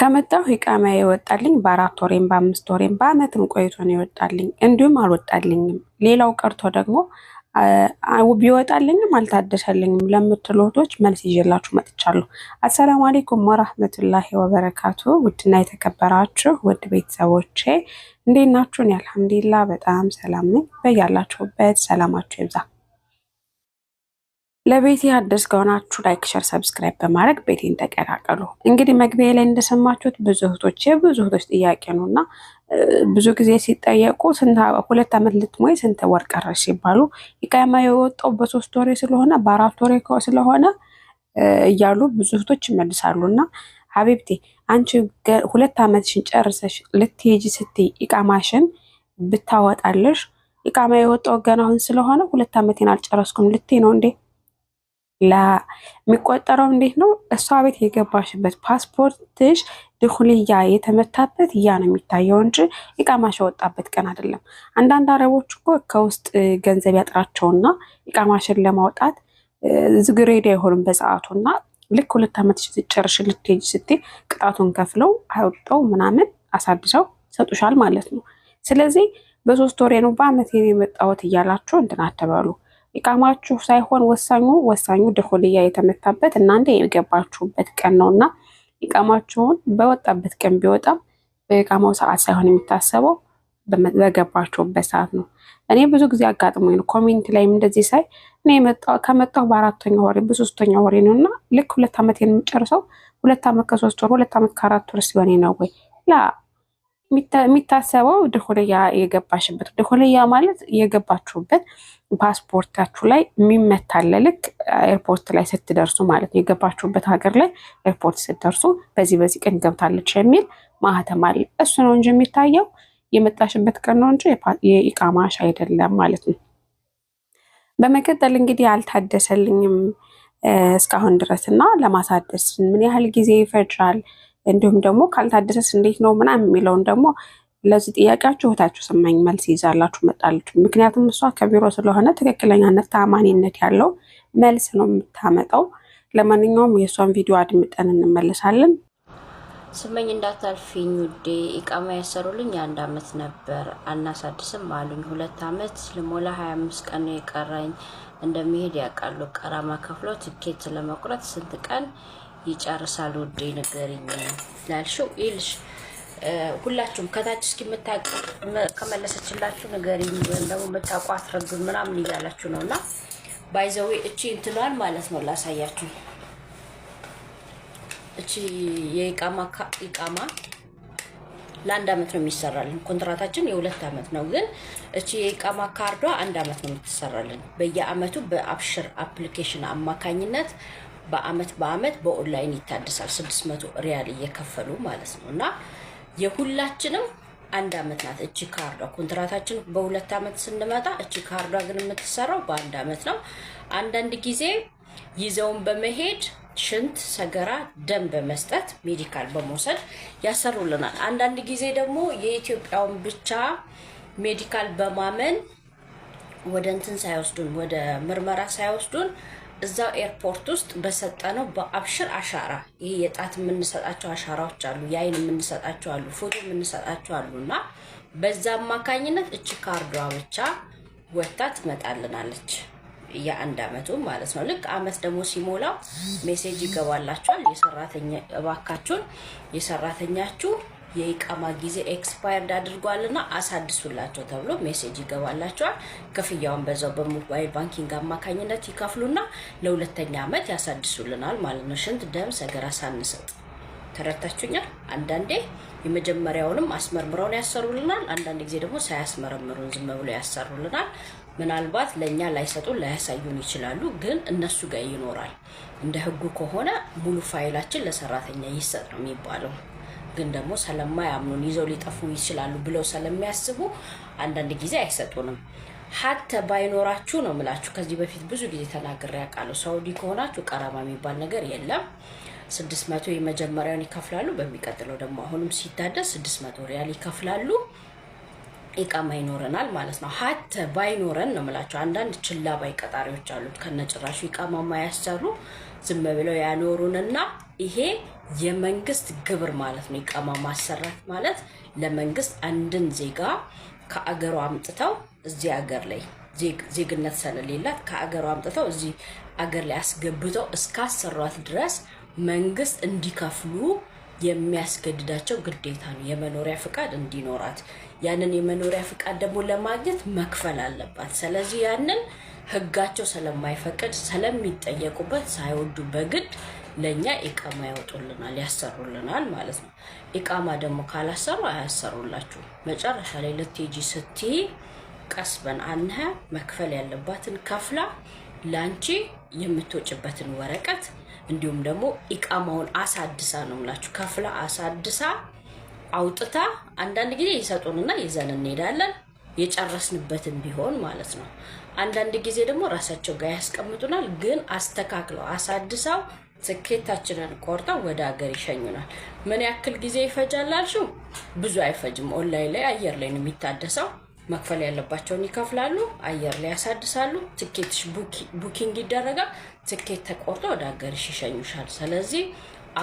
ከመጣሁ ኢቃማ ይወጣልኝ በአራት ወሬም በአምስት ወሬም በአመትም ቆይቶ ነው ይወጣልኝ። እንዲሁም አልወጣልኝም። ሌላው ቀርቶ ደግሞ ቢወጣልኝም አልታደሰልኝም ለምትሉ እህቶች መልስ ይዤላችሁ መጥቻለሁ። አሰላሙ አሌይኩም ወራህመቱላሂ ወበረካቱ። ውድና የተከበራችሁ ውድ ቤተሰቦቼ እንዴት ናችሁን? አልሐምዱሊላህ በጣም ሰላም ነኝ። በያላችሁበት ሰላማችሁ ይብዛ። ለቤቴ አዲስ ከሆናችሁ ላይክ፣ ሸር፣ ሰብስክራይብ በማድረግ ቤቴን ተቀላቀሉ። እንግዲህ መግቢያ ላይ እንደሰማችሁት ብዙ እህቶች የብዙ እህቶች ጥያቄ ነው እና ብዙ ጊዜ ሲጠየቁ ሁለት ዓመት ልትሞይ ስንት ወር ቀረሽ ሲባሉ ኢቃማ የወጣው በሶስት ወሬ ስለሆነ በአራት ወሬ ስለሆነ እያሉ ብዙ እህቶች ይመልሳሉ እና ሀቢብቴ አንቺ ሁለት ዓመትሽን ጨርሰሽ ልትሄጂ ስትይ ኢቃማሽን ብታወጣለሽ ኢቃማ የወጣው ገና ስለሆነ ሁለት ዓመቴን አልጨረስኩም ልትይ ነው እንዴ? የሚቆጠረው እንዴት ነው? እሷ ቤት የገባሽበት ፓስፖርትሽ ድኩልያ የተመታበት እያ ነው የሚታየው እንጂ ኢቃማሽ የወጣበት ቀን አይደለም። አንዳንድ አረቦች እኮ ከውስጥ ገንዘብ ያጥራቸውና ኢቃማሽን ለማውጣት ዝግሬዳ አይሆንም በሰዓቱ እና ልክ ሁለት ዓመት ጨርሽ ልትሄጂ ስትይ ቅጣቱን ከፍለው አውጠው ምናምን አሳድሰው ይሰጡሻል ማለት ነው። ስለዚህ በሶስት ወሬ ነው በአመት የመጣወት እያላቸው እንትን አትበሉ። ኢቃማችሁ ሳይሆን ወሳኙ ወሳኙ ድኹልያ የተመታበት እናንተ የገባችሁበት ቀን ነው እና ኢቃማችሁን በወጣበት ቀን ቢወጣም በኢቃማው ሰዓት ሳይሆን የሚታሰበው በገባችሁበት ሰዓት ነው። እኔ ብዙ ጊዜ አጋጥሞኝ ነው። ኮሚኒቲ ላይም እንደዚህ ሳይ እኔ ከመጣሁ በአራተኛ ወሬ በሶስተኛ ወሬ ነው እና ልክ ሁለት ዓመት የምጨርሰው ሁለት ዓመት ከሶስት ወር ሁለት ዓመት ከአራት ወር ሲሆን ነው ወይ ላ የሚታሰበው ድኹልያ የገባሽበት ድኹልያ ማለት የገባችሁበት ፓስፖርታችሁ ላይ የሚመታለ ልክ ኤርፖርት ላይ ስትደርሱ ማለት ነው የገባችሁበት ሀገር ላይ ኤርፖርት ስትደርሱ በዚህ በዚህ ቀን ገብታለች የሚል ማህተም አለ። እሱ ነው እንጂ የሚታየው የመጣሽበት ቀን ነው እንጂ የኢቃማሽ አይደለም ማለት ነው። በመቀጠል እንግዲህ አልታደሰልኝም እስካሁን ድረስ እና ለማሳደስ ምን ያህል ጊዜ ይፈጃል፣ እንዲሁም ደግሞ ካልታደሰስ እንዴት ነው ምናምን የሚለውን ደግሞ ለዚህ ጥያቄያችሁ እህታችሁ ስመኝ መልስ ይዛላችሁ መጣለች። ምክንያቱም እሷ ከቢሮ ስለሆነ ትክክለኛነት፣ ታማኒነት ያለው መልስ ነው የምታመጣው። ለማንኛውም የእሷን ቪዲዮ አድምጠን እንመለሳለን። ስመኝ እንዳታልፊኝ ውዴ፣ ኢቃማ ያሰሩልኝ አንድ አመት ነበር አናሳድስም አሉኝ። ሁለት አመት ልሞላ ሀያ አምስት ቀን ነው የቀረኝ። እንደሚሄድ ያውቃሉ። ቀራማ ከፍሎ ትኬት ለመቁረጥ ስንት ቀን ይጨርሳል ውዴ ንገሪኝ ላልሽው ይልሽ ሁላችሁም ከታች እስኪ ከመለሰችላችሁ ነገር ወይም ደግሞ የምታውቁ አስረዱን ምናምን እያላችሁ ነው። እና ባይዘዊ እቺ እንትኗን ማለት ነው ላሳያችሁ። እቺ የኢቃማ ለአንድ አመት ነው የሚሰራልን። ኮንትራታችን የሁለት አመት ነው፣ ግን እቺ የኢቃማ ካርዷ አንድ አመት ነው የምትሰራልን። በየአመቱ በአብሽር አፕሊኬሽን አማካኝነት በአመት በአመት በኦንላይን ይታደሳል። ስድስት መቶ ሪያል እየከፈሉ ማለት ነው እና የሁላችንም አንድ አመት ናት እቺ ካርዷ። ኮንትራታችን በሁለት አመት ስንመጣ እቺ ካርዷ ግን የምትሰራው በአንድ አመት ነው። አንዳንድ ጊዜ ይዘውን በመሄድ ሽንት፣ ሰገራ፣ ደም በመስጠት ሜዲካል በመውሰድ ያሰሩልናል። አንዳንድ ጊዜ ደግሞ የኢትዮጵያውን ብቻ ሜዲካል በማመን ወደ እንትን ሳይወስዱን ወደ ምርመራ ሳይወስዱን እዛው ኤርፖርት ውስጥ በሰጠነው በአብሽር አሻራ ይሄ የጣት የምንሰጣቸው አሻራዎች አሉ፣ የአይን የምንሰጣቸው አሉ፣ ፎቶ የምንሰጣቸው አሉ። እና በዛ አማካኝነት እች ካርዷ ብቻ ወታ ትመጣልናለች። የአንድ አመቱ ማለት ነው። ልክ አመት ደግሞ ሲሞላው ሜሴጅ ይገባላችኋል። የሰራተኛ እባካችሁን የሰራተኛችሁ የኢቃማ ጊዜ ኤክስፓየርድ አድርጓልና አሳድሱላቸው ተብሎ ሜሴጅ ይገባላቸዋል። ክፍያውን በዛው በሞባይል ባንኪንግ አማካኝነት ይከፍሉና ለሁለተኛ ዓመት ያሳድሱልናል ማለት ነው። ሽንት፣ ደም፣ ሰገራ ሳንሰጥ ተረታችሁኛል። አንዳንዴ የመጀመሪያውንም አስመርምረውን ያሰሩልናል። አንዳንድ ጊዜ ደግሞ ሳያስመረምሩን ዝም ብሎ ያሰሩልናል። ምናልባት ለእኛ ላይሰጡን ላያሳዩን ይችላሉ፣ ግን እነሱ ጋር ይኖራል። እንደ ህጉ ከሆነ ሙሉ ፋይላችን ለሰራተኛ ይሰጥ ነው የሚባለው። ግን ደግሞ ስለማያምኑን ይዘው ሊጠፉ ይችላሉ ብለው ስለሚያስቡ አንዳንድ ጊዜ አይሰጡንም። ሀተ ባይኖራችሁ ነው ምላችሁ። ከዚህ በፊት ብዙ ጊዜ ተናግሬ ያውቃለሁ። ሳውዲ ከሆናችሁ ቀረማ የሚባል ነገር የለም። ስድስት መቶ የመጀመሪያውን ይከፍላሉ። በሚቀጥለው ደግሞ አሁንም ሲታደስ ስድስት መቶ ሪያል ይከፍላሉ። ኢቃማ ይኖረናል ማለት ነው። ሀተ ባይኖረን ነው ምላቸው። አንዳንድ ችላ ባይ ቀጣሪዎች አሉት ከነጭራሹ ኢቃማ ማያሰሩ ዝም ብለው ያኖሩንና ይሄ የመንግስት ግብር ማለት ነው። ይቀማ ማሰራት ማለት ለመንግስት አንድን ዜጋ ከአገሩ አምጥተው እዚህ አገር ላይ ዜግነት ስለሌላት ከአገሩ አምጥተው እዚህ አገር ላይ አስገብተው እስካሰሯት ድረስ መንግስት እንዲከፍሉ የሚያስገድዳቸው ግዴታ ነው። የመኖሪያ ፍቃድ እንዲኖራት ያንን የመኖሪያ ፍቃድ ደግሞ ለማግኘት መክፈል አለባት። ስለዚህ ያንን ህጋቸው ስለማይፈቅድ ስለሚጠየቁበት ሳይወዱ በግድ ለእኛ ኢቃማ ያወጡልናል፣ ያሰሩልናል ማለት ነው። ኢቃማ ደግሞ ካላሰሩ አያሰሩላችሁ። መጨረሻ ላይ ልትሄጂ ስትይ ቀስበን አንሀ መክፈል ያለባትን ከፍላ ለአንቺ የምትወጭበትን ወረቀት እንዲሁም ደግሞ ኢቃማውን አሳድሳ ነው ምላችሁ ከፍላ አሳድሳ አውጥታ አንዳንድ ጊዜ ይሰጡንና ይዘን እንሄዳለን የጨረስንበትን ቢሆን ማለት ነው። አንዳንድ ጊዜ ደግሞ ራሳቸው ጋር ያስቀምጡናል። ግን አስተካክለው አሳድሰው ስኬታችንን ቆርጠው ወደ ሀገር ይሸኙናል። ምን ያክል ጊዜ ይፈጃል አልሽው? ብዙ አይፈጅም። ኦንላይን ላይ አየር ላይ ነው የሚታደሰው። መክፈል ያለባቸውን ይከፍላሉ፣ አየር ላይ ያሳድሳሉ። ትኬትሽ ቡኪንግ ይደረጋል። ትኬት ተቆርጦ ወደ ሀገርሽ ይሸኙሻል። ስለዚህ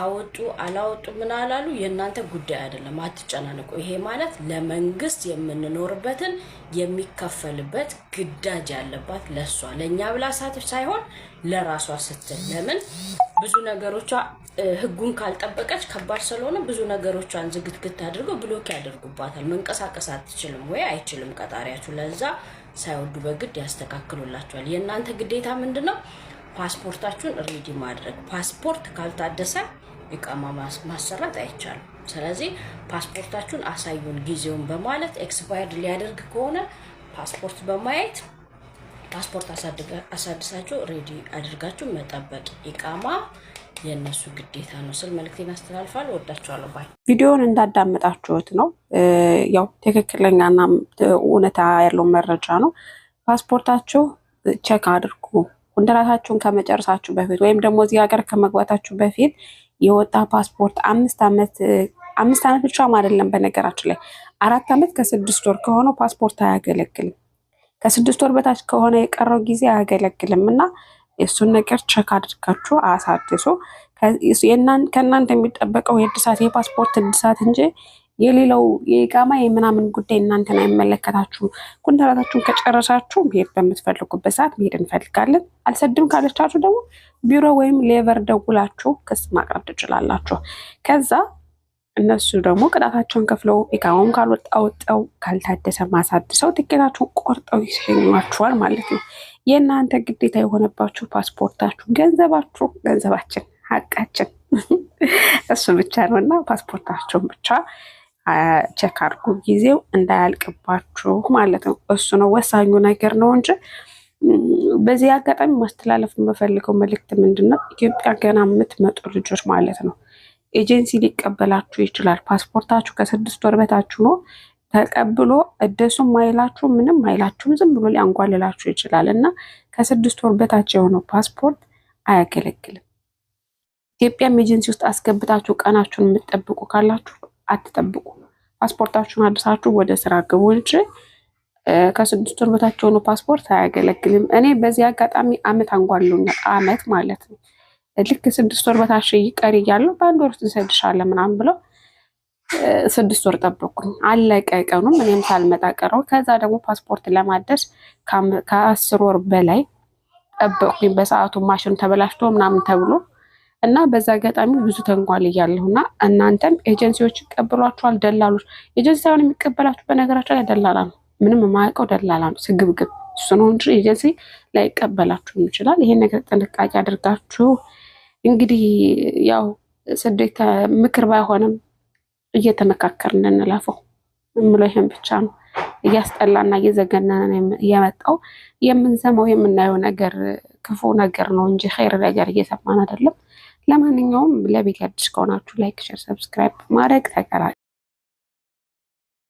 አወጡ አላወጡ ምን አላሉ የእናንተ ጉዳይ አይደለም፣ አትጨናነቁ። ይሄ ማለት ለመንግስት የምንኖርበትን የሚከፈልበት ግዳጅ ያለባት ለሷ ለእኛ ብላ ሳትፍ ሳይሆን ለራሷ ስትል ለምን ብዙ ነገሮቿ ህጉን ካልጠበቀች ከባድ ስለሆነ ብዙ ነገሮቿን ዝግትግት አድርገው ብሎክ ያደርጉባታል። መንቀሳቀስ አትችልም ወይ አይችልም ቀጣሪያችሁ። ለዛ ሳይወዱ በግድ ያስተካክሉላቸዋል። የእናንተ ግዴታ ምንድን ነው? ፓስፖርታችሁን ሬዲ ማድረግ። ፓስፖርት ካልታደሰ ኢቃማ ማሰራት አይቻልም። ስለዚህ ፓስፖርታችሁን አሳዩን ጊዜውን በማለት ኤክስፓየርድ ሊያደርግ ከሆነ ፓስፖርት በማየት ፓስፖርት አሳድሳችሁ ሬዲ አድርጋችሁ መጠበቅ ኢቃማ የእነሱ ግዴታ ነው ስል መልዕክቴን አስተላልፋል። ወዳችኋለሁ። ባይ ቪዲዮውን እንዳዳመጣችሁት ነው። ያው ትክክለኛና እውነታ ያለው መረጃ ነው። ፓስፖርታችሁ ቼክ አድርጉ። ኮንትራታችሁን ከመጨረሳችሁ በፊት ወይም ደግሞ እዚህ ሀገር ከመግባታችሁ በፊት የወጣ ፓስፖርት አምስት ዓመት አምስት ዓመት ብቻም አይደለም። በነገራችን ላይ አራት ዓመት ከስድስት ወር ከሆነው ፓስፖርት አያገለግልም። ከስድስት ወር በታች ከሆነ የቀረው ጊዜ አያገለግልም እና እሱን ነገር ቸክ አድርጋችሁ አሳድሱ። ከእናንተ የሚጠበቀው የእድሳት የፓስፖርት እድሳት እንጂ የሌላው የኢቃማ የምናምን ጉዳይ እናንተን አይመለከታችሁም። ኮንትራታችሁን ከጨረሳችሁ መሄድ በምትፈልጉበት ሰዓት መሄድ እንፈልጋለን። አልሰድም ካለቻችሁ ደግሞ ቢሮ ወይም ሌቨር ደውላችሁ ክስ ማቅረብ ትችላላችሁ። ከዛ እነሱ ደግሞ ቅጣታቸውን ከፍለው ኢቃማም ካልወጣ ወጠው ካልታደሰ ማሳድሰው ትኬታችሁን ቆርጠው ይሸኟችኋል ማለት ነው። የእናንተ ግዴታ የሆነባችሁ ፓስፖርታችሁ፣ ገንዘባችሁ፣ ገንዘባችን ሀቃችን እሱ ብቻ ነው እና ፓስፖርታቸውን ብቻ ቸክ አድርጉ። ጊዜው እንዳያልቅባችሁ ማለት ነው። እሱ ነው ወሳኙ ነገር ነው እንጂ በዚህ አጋጣሚ ማስተላለፍ የምፈልገው መልእክት ምንድን ነው? ኢትዮጵያ ገና የምትመጡ ልጆች ማለት ነው ኤጀንሲ ሊቀበላችሁ ይችላል። ፓስፖርታችሁ ከስድስት ወር በታችሁ ነው ተቀብሎ እደሱም አይላችሁ ምንም አይላችሁም። ዝም ብሎ ሊያንጓልላችሁ ይችላል እና ከስድስት ወር በታች የሆነው ፓስፖርት አያገለግልም። ኢትዮጵያም ኤጀንሲ ውስጥ አስገብታችሁ ቀናችሁን የምትጠብቁ ካላችሁ አትጠብቁ። ፓስፖርታችሁን አድሳችሁ ወደ ስራ ግቡ እንጂ ከስድስት ወር በታች የሆኑ ፓስፖርት አያገለግልም። እኔ በዚህ አጋጣሚ አመት አንጓሎኛል። አመት ማለት ነው። ልክ ስድስት ወር በታች ይቀር እያለሁ በአንድ ወር ውስጥ እንሰድሻለን ምናምን ብለው ስድስት ወር ጠበኩኝ። አለቀ ቀኑም፣ እኔም ሳልመጣ ቀረው። ከዛ ደግሞ ፓስፖርት ለማደስ ከአስር ወር በላይ ጠበቅኩኝ። በሰዓቱ ማሽን ተበላሽቶ ምናምን ተብሎ እና በዛ አጋጣሚ ብዙ ተንጓል እያለሁ እና እናንተም ኤጀንሲዎች ይቀበሏችኋል። ደላሎች ኤጀንሲ ሳይሆን የሚቀበላችሁ በነገራቸው ላይ ደላላ ነው። ምንም የማያውቀው ደላላ ነው። ስግብግብ እሱ ነው እንጂ ኤጀንሲ ላይቀበላችሁም ይችላል። ይሄን ነገር ጥንቃቄ አድርጋችሁ እንግዲህ ያው ስደት ምክር ባይሆንም እየተመካከርን እንለፈው የምለው ይሄን ብቻ ነው። እያስጠላና እየዘገነነ የመጣው የምንሰማው የምናየው ነገር ክፉ ነገር ነው እንጂ ኸይር ነገር እየሰማን አይደለም። ለማንኛውም ለቤት አዲስ ከሆናችሁ ላይክ፣ ሸር፣ ሰብስክራይብ ማድረግ ተቀራል።